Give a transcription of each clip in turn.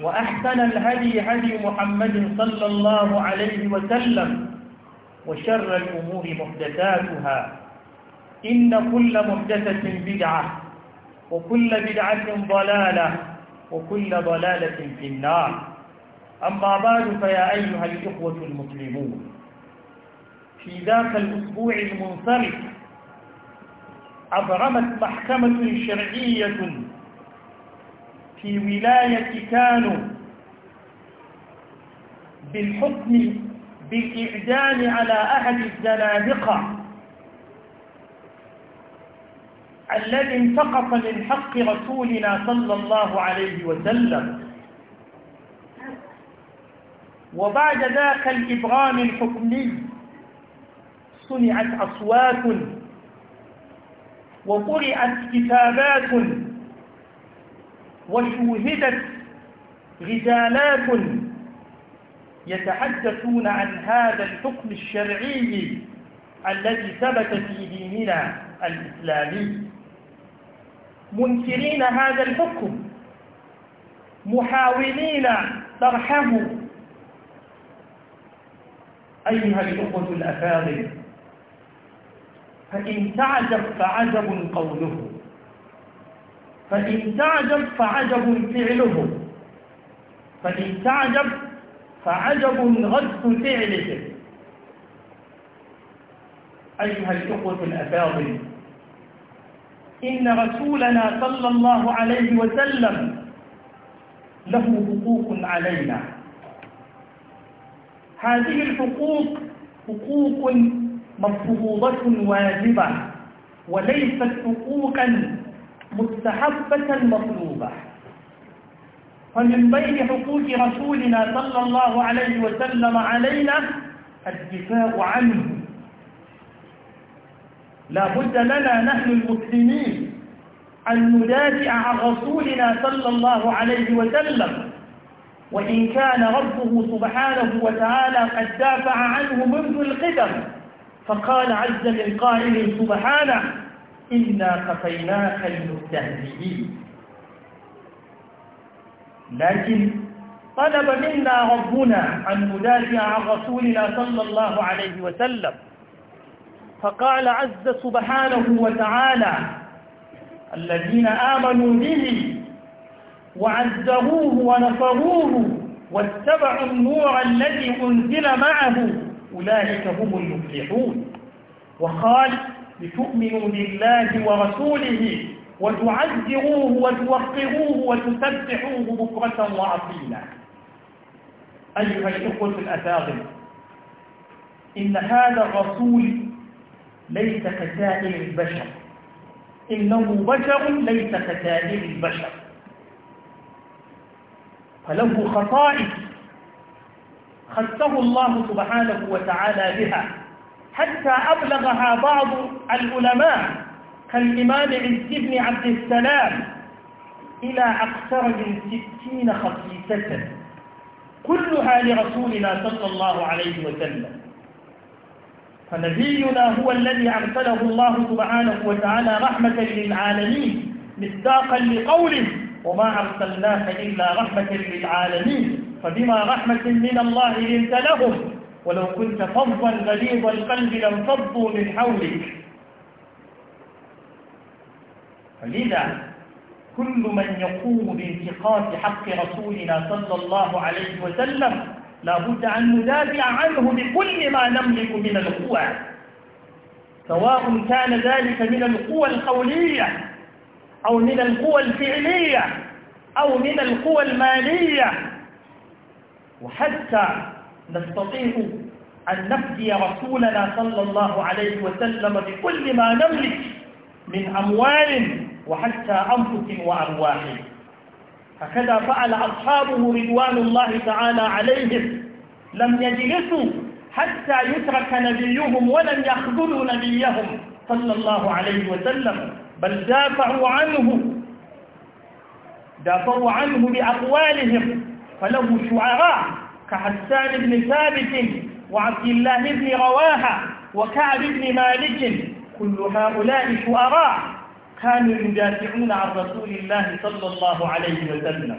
وأحسن الهدي هدي محمد صلى الله عليه وسلم وشر الأمور محدثاتها إن كل محدثة بدعة وكل بدعة ضلالة وكل ضلالة في النار أما بعد فيا أيها الإخوة المسلمون في ذاك الأسبوع المنصرف أبرمت محكمة شرعية في ولاية كانوا بالحكم بالإعدام على أحد الزنادقة الذي انتقص من حق رسولنا صلى الله عليه وسلم وبعد ذاك الإبرام الحكمي صنعت أصوات وقرأت كتابات وشوهدت رجالات يتحدثون عن هذا الحكم الشرعي الذي ثبت في ديننا الإسلامي منكرين هذا الحكم محاولين طرحه أيها الأخوة الأفاضل فإن تعجب فعجب قوله فإن تعجب فعجب فعله فإن تعجب فعجب غد فعله أيها الإخوة الأفاضل إن رسولنا صلى الله عليه وسلم له حقوق علينا هذه الحقوق حقوق مفروضة واجبة وليست حقوقا مستحبة مطلوبة فمن بين حقوق رسولنا صلى الله عليه وسلم علينا الدفاع عنه لا بد لنا نحن المسلمين أن ندافع عن رسولنا صلى الله عليه وسلم وإن كان ربه سبحانه وتعالى قد دافع عنه منذ القدم فقال عز من قائل سبحانه إنا قفيناك المستهزئين لكن طلب منا ربنا أن ندافع عن رسولنا صلى الله عليه وسلم فقال عز سبحانه وتعالى الذين آمنوا به وعزروه ونصروه واتبعوا النور الذي أنزل معه أولئك هم المفلحون وقال لتؤمنوا بالله ورسوله وتعزروه وتوقروه وتسبحوه بكرة وأصيلا أيها الإخوة الأفاضل إن هذا الرسول ليس كسائر البشر إنه بشر ليس كسائر البشر فله خصائص خصه الله سبحانه وتعالى بها حتى أبلغها بعض العلماء كالإمام عز بن عبد السلام إلى أكثر من ستين خصيصة كلها لرسولنا صلى الله عليه وسلم فنبينا هو الذي أرسله الله سبحانه وتعالى رحمة للعالمين مصداقا لقوله وما أرسلناك إلا رحمة للعالمين فبما رحمة من الله لنت لهم ولو كنت فظا غليظ القلب لانفضوا من حولك فلذا كل من يقوم بانتقاد حق رسولنا صلى الله عليه وسلم لا بد أن ندافع عنه بكل ما نملك من القوى سواء كان ذلك من القوى القولية أو من القوى الفعلية أو من القوى المالية وحتى نستطيع أن نفدي رسولنا صلى الله عليه وسلم بكل ما نملك من أموال وحتى أنفس وأرواح هكذا فعل أصحابه رضوان الله تعالى عليهم لم يجلسوا حتى يترك نبيهم ولم يخذلوا نبيهم صلى الله عليه وسلم بل دافعوا عنه دافعوا عنه بأقوالهم فله شعراء كحسان بن ثابت وعبد الله بن رواحة وكعب بن مالك كل هؤلاء شؤراء كانوا يدافعون عن رسول الله صلى الله عليه وسلم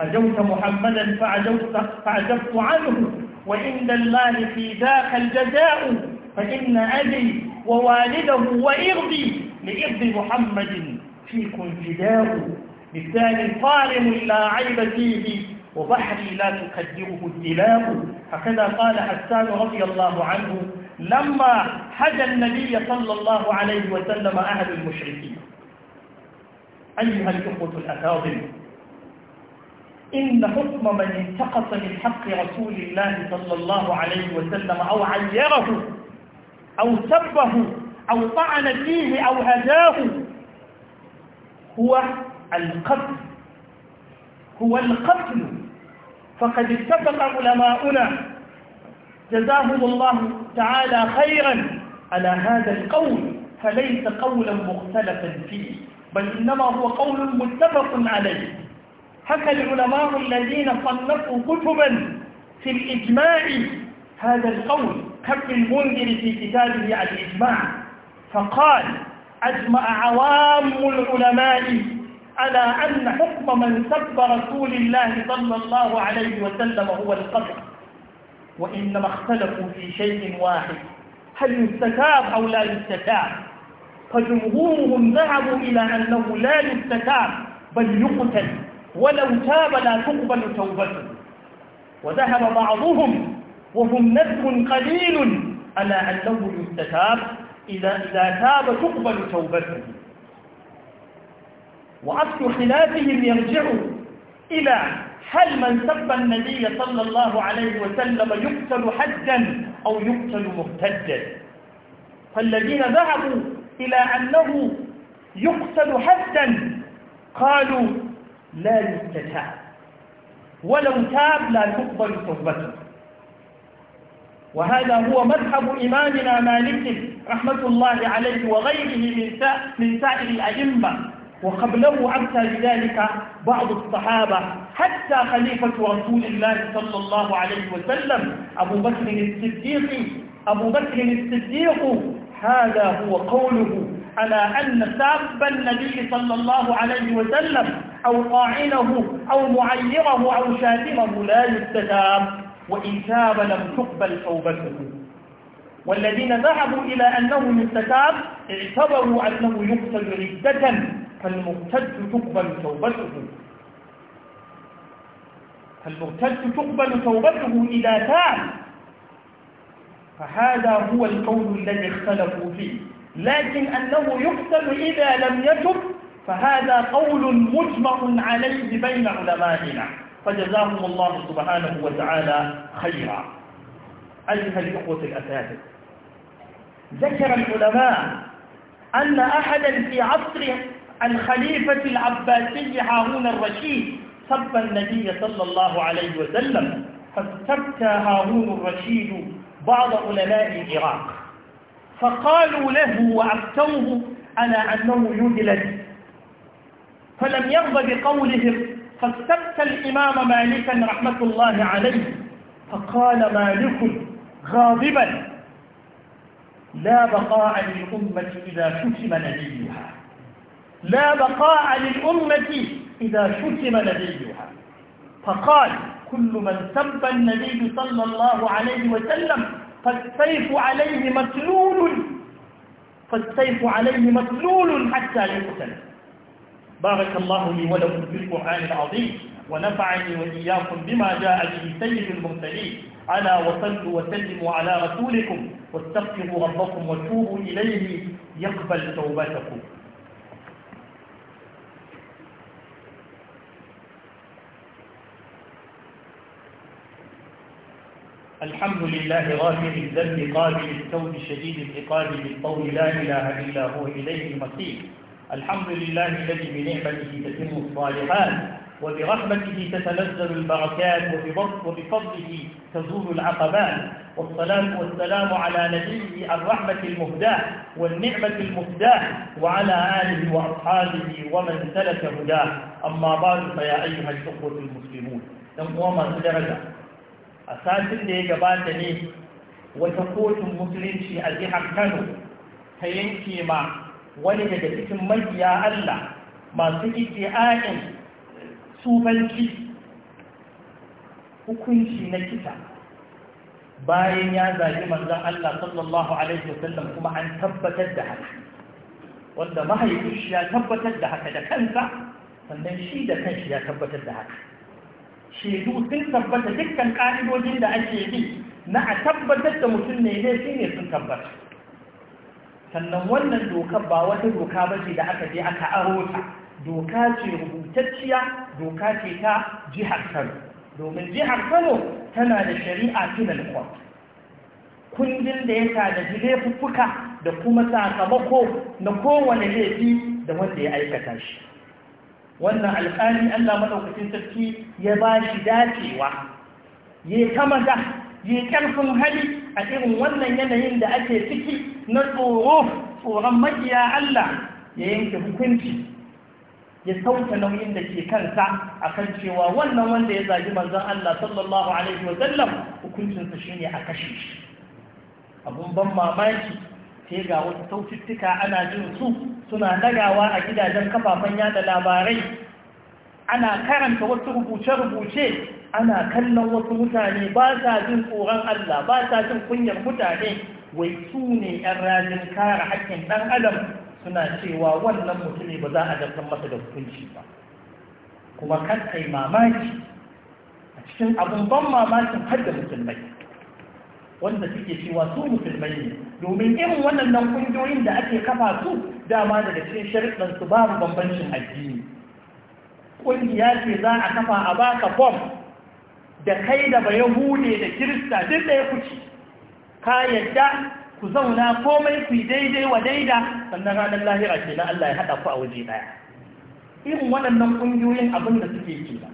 عجوت محمدا فعجوت, فعجبت عنه وإن الله في ذاك الجزاء فإن أبي ووالده وإرضي لإرض محمد فيكم فداء بالتالي صارم لا عيب فيه وبحري لا تقدره الإلام هكذا قال حسان رضي الله عنه لما حجى النبي صلى الله عليه وسلم أهل المشركين أيها الإخوة الأفاضل إن حكم من انتقص من حق رسول الله صلى الله عليه وسلم أو عيره أو سبه أو طعن فيه أو هداه هو القتل هو القتل فقد اتفق علماؤنا جزاهم الله تعالى خيرا على هذا القول فليس قولا مختلفا فيه بل إنما هو قول متفق عليه حكى العلماء الذين صنفوا كتبا في الإجماع هذا القول كابن المنذر في كتابه على الإجماع فقال أجمع عوام العلماء على أن حكم من سب رسول الله صلى الله عليه وسلم هو القتل وإنما اختلفوا في شيء واحد هل يستتاب أو لا يستتاب فجمهورهم ذهبوا إلى أنه لا يستتاب بل يقتل ولو تاب لا تقبل توبته وذهب بعضهم وهم نسب قليل على أنه يستتاب إذا, إذا تاب تقبل توبته وأصل خلافهم يرجع إلى هل من سب النبي صلى الله عليه وسلم يقتل حدا أو يقتل مرتدا فالذين ذهبوا إلى أنه يقتل حدا قالوا لا يستتاب ولو تاب لا تقبل صحبته وهذا هو مذهب إمامنا مالك رحمة الله عليه وغيره من سائر الأئمة وقبله عمت بذلك بعض الصحابة حتى خليفة رسول الله صلى الله عليه وسلم أبو بكر الصديق أبو بكر الصديق هذا هو قوله على أن ساب النبي صلى الله عليه وسلم أو طاعنه أو معيره أو شاتمه لا يستجاب وإن تاب لم تقبل توبته والذين ذهبوا إلى أنه يستتاب اعتبروا أنه يقتل ردة فالمرتد تقبل توبته فالمرتد تقبل توبته إذا تاب فهذا هو القول الذي اختلفوا فيه لكن أنه يقتل إذا لم يتب فهذا قول مجمع عليه بين علمائنا فجزاهم الله سبحانه وتعالى خيرا أيها الأخوة الأساتذة ذكر العلماء أن أحدا في عصر الخليفة العباسي هارون الرشيد سب النبي صلى الله عليه وسلم فاستبكى هارون الرشيد بعض علماء العراق فقالوا له وأفتوه على أنه يجلد فلم يرضى بقولهم فاستبكى الإمام مالكا رحمة الله عليه فقال مالك غاضبا لا بقاء للأمة إذا شتم نبيها لا بقاء للأمة إذا شتم نبيها فقال كل من سب النبي صلى الله عليه وسلم فالسيف عليه مسلول فالسيف عليه مسلول حتى يقتل بارك الله لي ولكم في القرآن العظيم ونفعني وإياكم بما جاء به سيد المرسلين ألا وصلوا وسلموا على رسولكم واستغفروا ربكم وتوبوا إليه يقبل توبتكم الحمد لله غافر الذنب قابل التوب شديد العقاب للقول لا إله إلا هو إليه المصير الحمد لله الذي بنعمته تتم الصالحات وبرحمته تتنزل البركات وبفضله تزول العقبات والصلاة والسلام على نبيه الرحمة المهداة والنعمة المهداة وعلى آله وأصحابه ومن سلك هداه أما بعد فيا أيها الأخوة المسلمون نقوم بدرجة أساس اللي جباتني وتقوت المسلم في أجيح كانوا هينكي مع ولد جسم يا الله ما سجد آئن sufanci hukunci na kisa bayan ya zagi manzon Allah sallallahu alaihi wasallam kuma an tabbatar da haka wanda mahaifin ya tabbatar da haka da kansa sannan shi da kanshi ya tabbatar da haka shedu sun tabbata dukkan ƙa'idojin da ake yi na a tabbatar da mutum ne ne su ne sun tabbata sannan wannan dokar ba wata doka ba ce da aka je aka aro ta doka ce rubutacciya doka ce ta jihar kano domin jihar kano tana da shari'a penal court kundin da ya tanaji laifuffuka da kuma sakamako na kowane laifi da wanda ya aikata shi wannan alkali allah maɗaukacin sarki ya ba shi dacewa ya kamata ya ƙarfin hali a irin wannan yanayin da ake ciki na tsoro tsoron makiya allah ya yanke hukunci ya sauke nauyin da ke kansa kan cewa wannan wanda ya zagi manzon Allah sallallahu alaihi wasallam hukuncinsa shine a kashe shi abun ban mamaki sai ga wasu saututtuka ana jin su suna dagawa a gidajen kafafen yada labarai ana karanta wasu rubuce-rubuce ana kallon wasu mutane ba sa jin tsoron Allah ba sa jin kunyar mutane wai su ne 'yan rajin kare haƙƙin ɗan adam suna cewa wannan mutumi ba za a dafa masa da hukunci ba kuma kan kai mamaki a cikin abin ban mamakin har da musulmai wanda suke cewa su musulmai ne domin irin wannan kungiyoyin da ake kafa su dama daga cikin sharuɗan su babu bambancin addini kungiya ce za a kafa a baka bom da kai da baya yahude da kirista duk da ya kuce ka yadda ku zauna komai ku daidai wa daida sannan ranar lahira ke na Allah ya haɗa ku a waje ɗaya irin waɗannan ƙungiyoyin abin da suke ke ba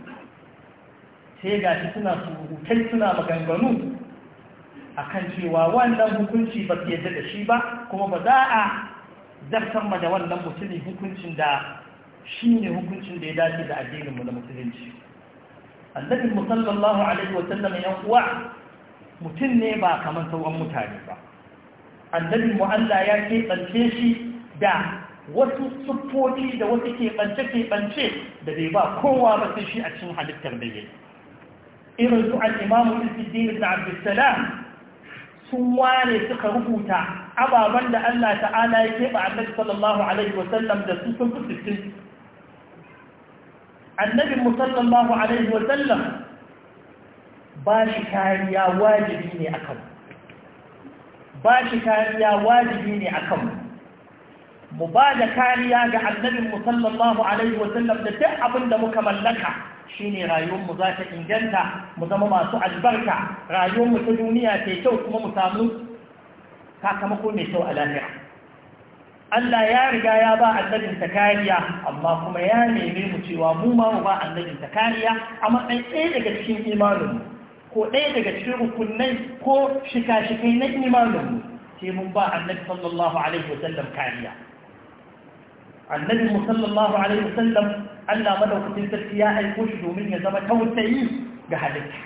sai ga shi suna surutai suna maganganu a kan cewa wannan hukunci ba ke da shi ba kuma ba za a zartar ma da wannan mutumin hukuncin da shi ne hukuncin da ya dace da addininmu na musulunci annabi musallallahu alaihi wa sallam yan uwa mutum ne ba kamar sauran mutane ba annabi mu Allah ya keɓance shi da wasu siffofi da wasu keɓance-keɓance da bai ba kowa ba sai shi a cikin halittar da yake irin su al'imamu isiddin da abdulsalam sun ware suka rubuta ababen da Allah ta'ala ya keɓa annabi sallallahu alaihi wasallam da su sun fi sittin annabin mu sallallahu alaihi wasallam ba shi kariya wajibi ne a kanku ba shi kariya wajibi ne a kanmu mu ba da kariya ga annabin musallallahu alaihi wasallam da duk abin da muka mallaka shine rayuwarmu za ta inganta mu zama masu albarka rayuwarmu ta duniya ta kyau kuma mu samu sakamako mai kyau a Allah ya riga ya ba annabin ta kariya amma kuma ya neme mu cewa mu ma mu ba annabin ta kariya a matsayin ɗaya daga cikin imaninmu ko ɗaya daga cikin rukunai ko shika-shikai na imaninmu sai mun ba annabi sallallahu alaihi wasallam kariya annabi sallallahu alaihi wasallam Allah madaukakin sarki ya aiko shi domin ya zama tausayi ga halitta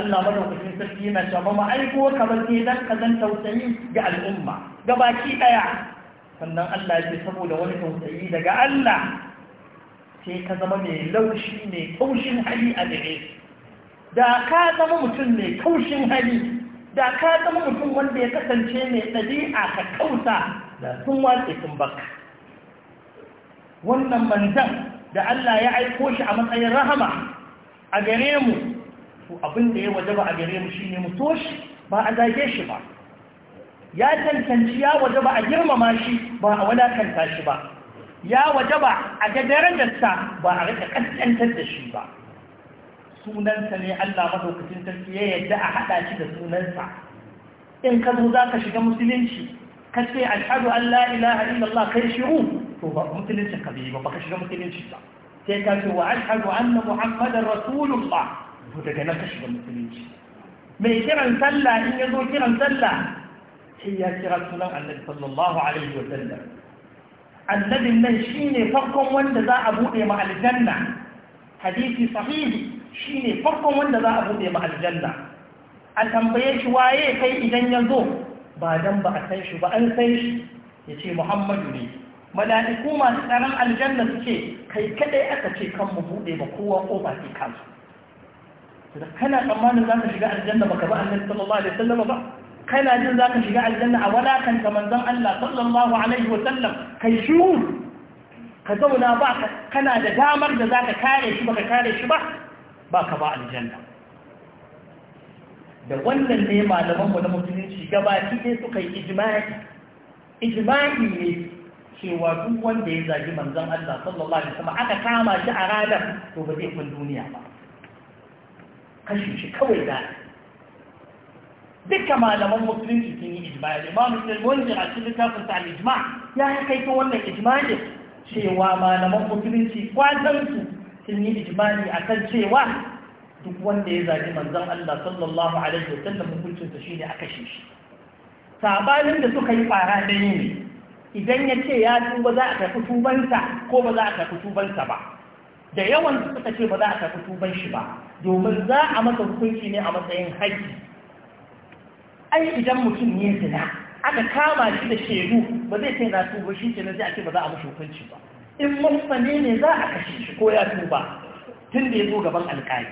Allah madaukakin sarki yana cewa ma aiko kamar sai dan kazan tausayi ga al'umma ga baki daya sannan Allah ya ce saboda wani tausayi daga Allah sai ka zama mai laushi mai taushin hali a gare shi da ka zama mutum mai kaushin hali da ka zama mutum wanda ya kasance mai ɗabi'a ka kausa, da sun watse sun baka wannan manzan da Allah ya aiko shi a matsayin rahama a gare mu to abin da ya wajaba a gare mu shine mu so shi ba a zage shi ba ya tantanci ya wajaba a girmama shi ba a wadakanta shi ba ya wajaba a ga darajarsa ba a rika kaskantar da shi ba sunansa ne Allah madaukakin sarki ya yadda a haɗa shi da sunansa in ka zo za ka shiga musulunci ka ce ashadu an la ilaha illallah kai shiru to ba musulunci ka bai ba ba ka shiga musulunci ba sai ka ce wa ashadu anna muhammadan rasulullah to daga nan ka shiga musulunci mai kiran sallah in ya zo kiran sallah sai ya kira sunan annabi sallallahu alaihi wa sallam annabin nan shine farkon wanda za a buɗe ma aljanna hadisi sahihi shi ne farkon wanda za a buɗe ma aljanna a tambaye shi waye kai idan ya zo ba dan ba a san shi ba an san shi ya ce muhammadu ne mala'iku masu tsaron aljanna suke kai kadai aka ce kan mu buɗe ba kowa kofa sai kansu da kana tsammanin za ka shiga aljanna baka ba annabi sallallahu alaihi wasallam ba kana jin za ka shiga aljanna a wadatanta manzon Allah sallallahu alaihi wasallam kai shiru ka zauna ba kana da damar da za ka kare shi ba ka kare shi ba ba ka ba aljanna da wannan ne malaman mu na musulunci gabaki ne suka yi ijma'i ijma'i ne cewa duk wanda ya zagi manzon Allah sallallahu alaihi wasallam aka kama shi a ranar to ba zai kun duniya ba kashi shi kawai da duka malaman musulunci sun yi ijma'i imam ne a cikin littafin sa ijma ya kai to wannan ijma'i cewa malaman musulunci kwatansu sun yi ijimali a kan cewa duk wanda ya zaɓi manzan Allah sallallahu alaihi wa hukuncinsa shi ne a kashe shi sabanin da suka yi fara yi ne idan ya ce ya tuba za a tafi tubansa ko ba za a tafi tubansa ba da yawan suka ce ba za a tafi tuban shi ba domin za a masa hukunci ne a matsayin haƙƙi ai idan mutum ne zina aka kama shi da shaidu ba zai ce na tuba shi ce na zai ake ba za a mashi hukunci ba in mummane ne za a kashe shi ko ya tuba tun da ya zo gaban alƙali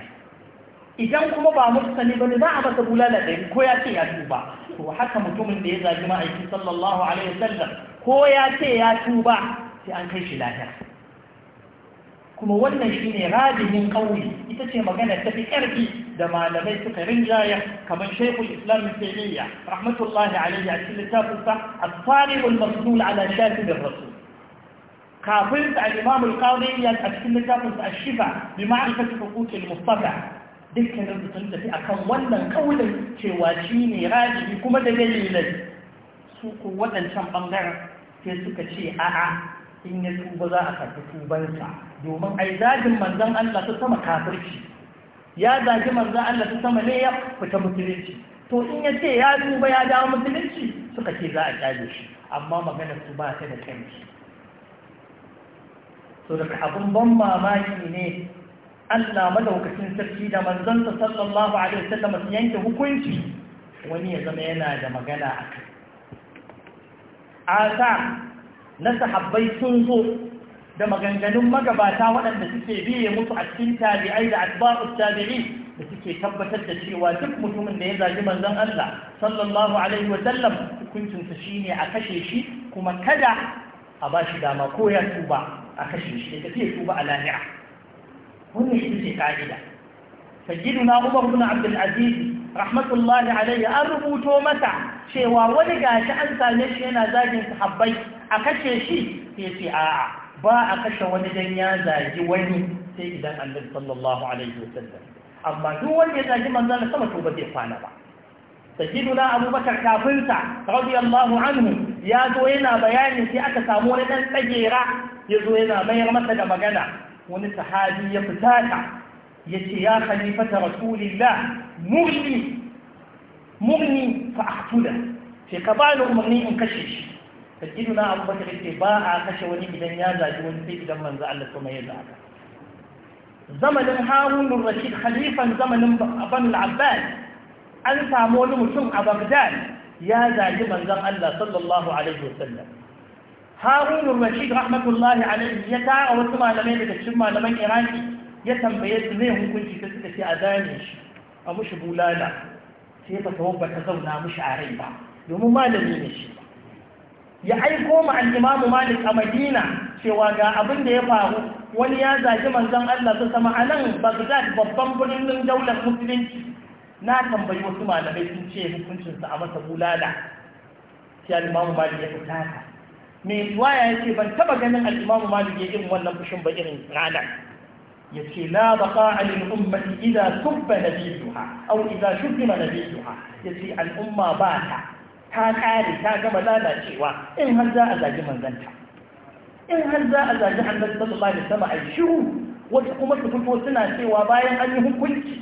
idan kuma ba mummane ba ne za a masa bulala ɗari ko ya ce ya tuba to haka mutumin da ya zaji ma'aiki sallallahu alaihi wasallam ko ya ce ya tuba sai an kai shi lafiya kuma wannan shi ne rajihin ƙauye ita ce magana ta fi ƙarfi da malamai suka rinjaya kamar shaikul islam taimiyya rahmatullahi alaihi a cikin littafinsa a tsarin ulmasul ala shafi da rasul kafin da al-imam al-qadi ya a cikin littafin sa shifa bi ma'rifati huquq al-mustafa Dukkan su sun tafi kan wannan kaulin cewa shine rajibi kuma da dalilai su ko waɗancan ɓangaren sai suka ce a'a in ya tuba za a karɓi tubansa domin ai zagin manzan Allah ta sama kafirci ya zagi manzan Allah ta sama ne ya fita musulunci to in ya ce ya tuba ya dawo musulunci suka ce za a kyale shi amma maganar su ba ta da kanki so daga abin ban mamaki ne Allah madaukacin sarki da manzansa sallallahu alaihi wasallam su yanke hukunci wani ya zama yana da magana a kai asa na sahabbai sun zo da maganganun magabata waɗanda suke biye musu a cikin tabi'ai da atba'u tabi'i da suke tabbatar da cewa duk mutumin da ya zagi manzan Allah sallallahu alaihi wasallam hukuncinsa shine a kashe shi kuma kada a ba shi dama ko ya tuba a kashe shi ya tafi tuba a lahira wannan shi ce ka'ida na umar ibn abdul aziz rahmatullahi alaihi an rubuto masa. cewa wani gashi an same shi yana zagin sahabbai a kashe shi sai ce a'a ba a kashe wani dan ya zagi wani sai idan annabi sallallahu alaihi wasallam amma duk wanda ya zagi manzon sama to ba zai kwana ba na abubakar kafinsa radiyallahu anhu ya zo yana bayani sai aka samu wani dan tsagera ya zo yana mayar masa da magana wani sahabi ya fita fitata ya ce ya khalifata rasulillah murni murni fa ahtula sai ka bani umarni in kashe shi sakidu na abu bakar ce ba a kashe wani idan ya zaji wani sai idan manzo Allah kuma ya zaga zamanin Harun rashid khalifan zamanin abin al'abbas an samu wani mutum a bagdad ya zaji manzon Allah sallallahu alaihi wasallam harunun rashid rahmatullahi alaihi ya tara wasu malamai daga cikin malaman iraki ya tambaye su ne hukunci ta suka ce a zane shi a mushi bulala sai fatawar ba ta zauna mushi a rai ba domin malami ne shi ya aiko ma al'imamu malik a madina cewa ga abin da ya faru wani ya zagi manzon allah ta sama a nan bagdad babban birnin daular musulunci na tambayi wasu malamai sun ce hukuncinsa a masa bulala sai al'imamu malik ya fita mai riwaya ya ce ban taba ganin al'imamu malik ya irin wannan fushin ba irin ranar ya ce la baka alil ummati idan subba nabiyuha aw na biyu nabiyuha ya ce al'umma ba ta ta kare ta gama lalacewa in har za a zagi manzanta in har za a zagi annabi sallallahu alaihi wasallam ai shiru wasu kuma su fito suna cewa bayan an yi hukunci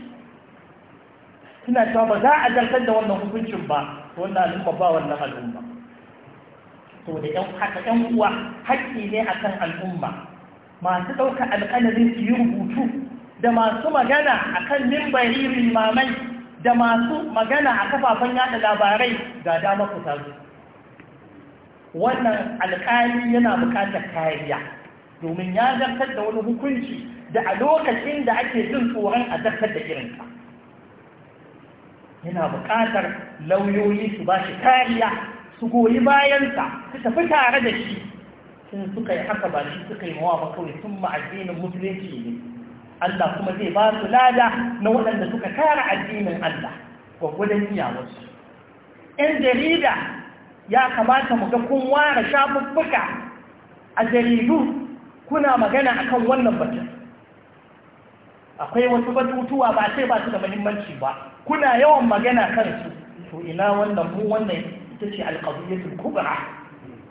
suna cewa ba za a zartar da wannan hukuncin ba wannan al'umma ba wannan al'umma saboda yan haka yan uwa hakki ne akan al'umma masu ɗauka alƙalarin su yi rubutu da masu magana akan mimbari limamai da masu magana a kafafen yada labarai ga dama ku tazo wannan alƙali yana buƙatar kariya domin ya zartar da wani hukunci da a lokacin da ake jin tsoron a zartar da irinka yana buƙatar lauyoyi su ba shi kariya su goyi bayansa su tafi tare da shi sun suka yi haka ba shi suka yi mawa ba kawai sun ma'addinin musulunci ne Allah kuma zai ba su lada na waɗanda suka kara addinin Allah gwaggwadon iyawarsu ‘yan jarida ya kamata mu ga kun ware shafuffuka a jaridu kuna magana akan wannan batun akwai wasu batutuwa ba sai ba su da muhimmanci ba kuna yawan magana kansu to ina wannan mu wannan ita ce alƙadiyyatul kubra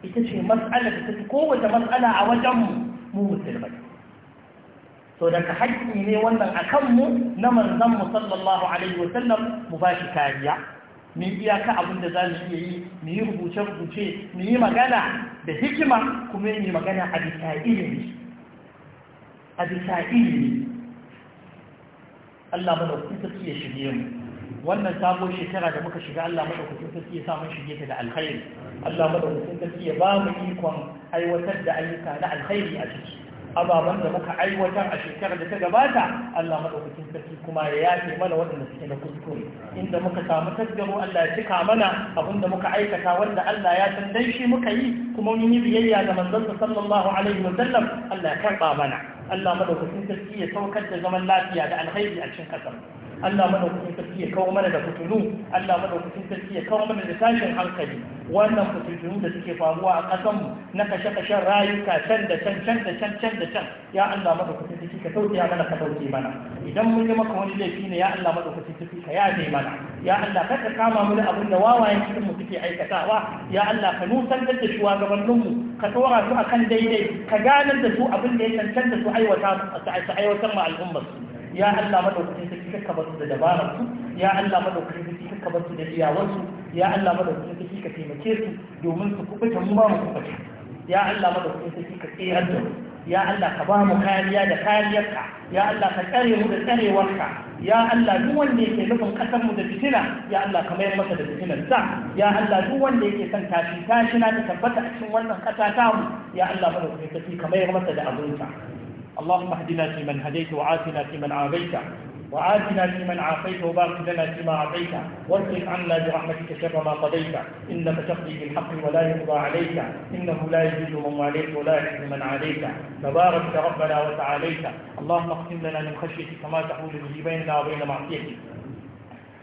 ita ce mas'ala da take kowace mas'ala a wajen mu musulmai to daga hakki ne wannan a kanmu na manzon mu sallallahu alaihi wa sallam mu ba shi kariya mu yi iyaka abin da za mu iya yi mu yi rubuce-rubuce mu yi magana da hikima kuma mu yi magana a bisa ilimi a bisa ilimi Allah mana kuka ya shirye mu wannan sabo shekara da muka shiga Allah madaukakin sarki ya samu shige ta da alkhairi Allah madaukakin sarki ya ba mu ikon aiwatar da ayyuka na alkhairi a ciki ababen da muka aiwatar a shekarar da ta gabata Allah madaukakin sarki kuma ya yafe mana waɗanda suke na kuskure inda muka samu tasgaro Allah ya cika mana abinda muka aikata wanda Allah ya san dan shi muka yi kuma mun yi biyayya ga manzon sallallahu alaihi wa sallam Allah ya karba mana Allah madaukakin sarki ya saukar da zaman lafiya da alkhairi a cikin kasar Allah madaukakin sarki ya kawo mana da fitulu Allah madaukakin sarki ya kawo mana da tashin hankali wannan fitulu da suke faruwa a ƙasan mu na kashe kashen rayuka can da can can da can can da can ya Allah madaukakin sarki ka sauke mana ka sauke mana idan mun yi maka wani laifi ne ya Allah madaukakin sarki ka yaje mana ya Allah ka ka kama mu da abin da wawayen cikin mu suke aikatawa ya Allah ka nusantar da shugabannin mu ka tsora su akan daidai ka ganar da su abin da ya cancanta su aiwata su aiwatar ma al'ummar su ya Allah madaukakin sarki kakka basu da dabarar su ya Allah madaukakin sarki kakka basu da iyawar su ya Allah madaukakin sarki ka taimake su domin su kubuta mu ba mu kubuta ya Allah madaukakin sarki ka tsayar da mu ya Allah ka ba mu kariya da kariyarka ya Allah ka tsare mu da tsarewarka ya Allah duk wanda yake nufin kasar mu da fitina ya Allah ka mayar masa da fitinar sa ya Allah duk wanda yake son tashi tashi na ta tabbata a cikin wannan kasa ta mu ya Allah madaukakin sarki ka mayar masa da abinsa اللهم اهدنا فيمن هديت وعافنا فيمن عافيت وعافنا فيمن عافيت وبارك لنا فيما اعطيت واصرف عنا برحمتك شر ما قضيت انك تقضي بالحق ولا يقضى عليك انه لا يزيد من واليت ولا يحزن من عليك تبارك ربنا وتعاليت اللهم اقسم لنا من خشيتك ما تحول به بيننا وبين معصيتك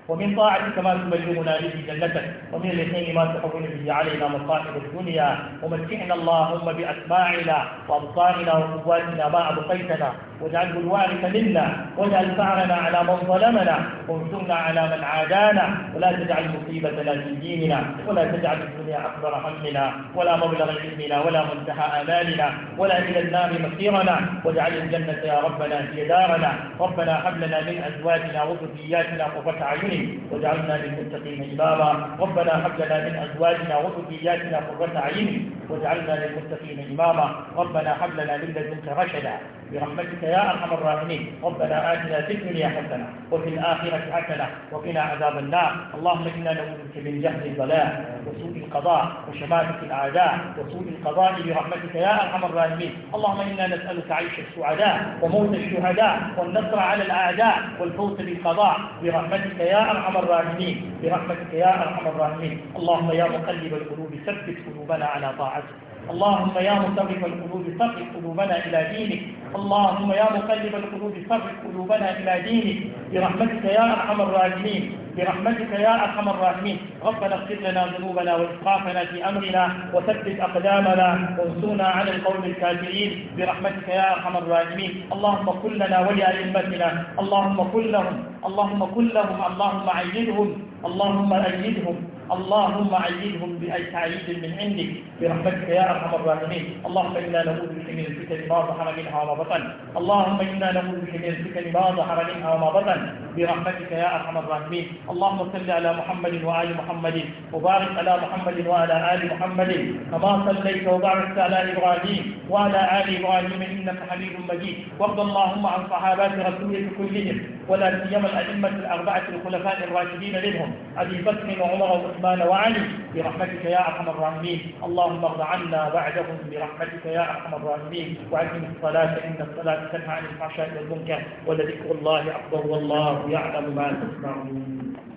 ومن طاعتك ما تبلغنا به جنتك ومن اليقين ما تحول به علينا مصائب الدنيا ومتعنا اللهم بأسماعنا وأبصارنا وقواتنا ما أبقيتنا واجعله الوارث منا واجعل ثارنا على من ظلمنا وانصرنا على من عادانا ولا تجعل مصيبتنا في ديننا ولا تجعل الدنيا اكبر همنا ولا مبلغ علمنا ولا منتهى امالنا ولا الى النار مصيرنا واجعل الجنه يا ربنا هي دارنا ربنا هب لنا من ازواجنا وذرياتنا قرة اعين واجعلنا للمتقين امامنا ربنا هب لنا من ازواجنا وذرياتنا قرة اعين واجعلنا للمتقين إماما ربنا هب لنا من لدنك رشدا برحمتك يا أرحم الراحمين ربنا آتنا في الدنيا حسنة وفي الآخرة حسنة وقنا عذاب النار اللهم إنا نعوذ بك من جهل البلاء وسوء القضاء وشماتة الأعداء وسوء القضاء برحمتك يا أرحم الراحمين اللهم إنا نسألك عيش السعداء وموت الشهداء والنصر على الأعداء والفوز بالقضاء برحمتك يا أرحم الراحمين برحمتك يا أرحم الراحمين اللهم يا مقلب القلوب ثبت قلوبنا على طاعتك أحد اللهم يا مصرف القلوب صرف قلوبنا إلى دينك اللهم يا مقلب القلوب صرف قلوبنا إلى دينك برحمتك يا أرحم الراحمين برحمتك يا أرحم الراحمين ربنا اغفر لنا ذنوبنا وإسقافنا في أمرنا وثبت أقدامنا وانصرنا على القوم الكافرين برحمتك يا أرحم الراحمين اللهم كن لنا ولأئمتنا اللهم كن لهم اللهم كن لهم اللهم أيدهم اللهم أيدهم اللهم عيدهم بأيد من عندك برحمتك يا أرحم الراحمين اللهم إنا نقول بك من الفتن ما ظهر منها وما بطن اللهم إنا نقول بك من الفتن ما ظهر منها وما بطن برحمتك يا أرحم الراحمين اللهم صل على محمد وآل محمد وبارك على محمد وعلى آل محمد كما صليت وباركت على إبراهيم وعلى آل إبراهيم إنك حميد مجيد وارض اللهم عن صحابات رسولك كلهم ولا سيما الأئمة الأربعة الخلفاء الراشدين منهم أبي بكر وعمر وعثمان وعلي برحمتك يا أرحم الراحمين اللهم ارض عنا بعدهم برحمتك يا أرحم الراحمين وأقم الصلاة إن الصلاة تنهى عن الفحشاء والمنكر ولذكر الله أكبر والله يعلم ما تصنعون